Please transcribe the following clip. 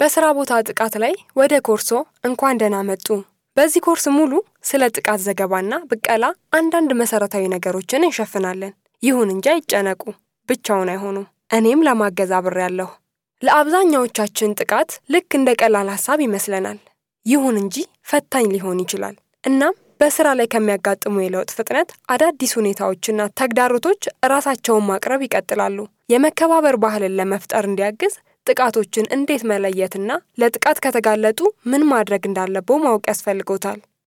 በስራ ቦታ ጥቃት ላይ ወደ ኮርሶ እንኳን ደህና መጡ። በዚህ ኮርስ ሙሉ ስለ ጥቃት ዘገባና ብቀላ አንዳንድ መሰረታዊ ነገሮችን እንሸፍናለን። ይሁን እንጂ አይጨነቁ፣ ብቻውን አይሆኑም። እኔም ለማገዝ አብሬያለሁ። ለአብዛኛዎቻችን ጥቃት ልክ እንደ ቀላል ሀሳብ ይመስለናል። ይሁን እንጂ ፈታኝ ሊሆን ይችላል። እናም በስራ ላይ ከሚያጋጥሙ የለውጥ ፍጥነት አዳዲስ ሁኔታዎችና ተግዳሮቶች ራሳቸውን ማቅረብ ይቀጥላሉ። የመከባበር ባህልን ለመፍጠር እንዲያግዝ ጥቃቶችን እንዴት መለየትና ለጥቃት ከተጋለጡ ምን ማድረግ እንዳለበው ማወቅ ያስፈልጎታል።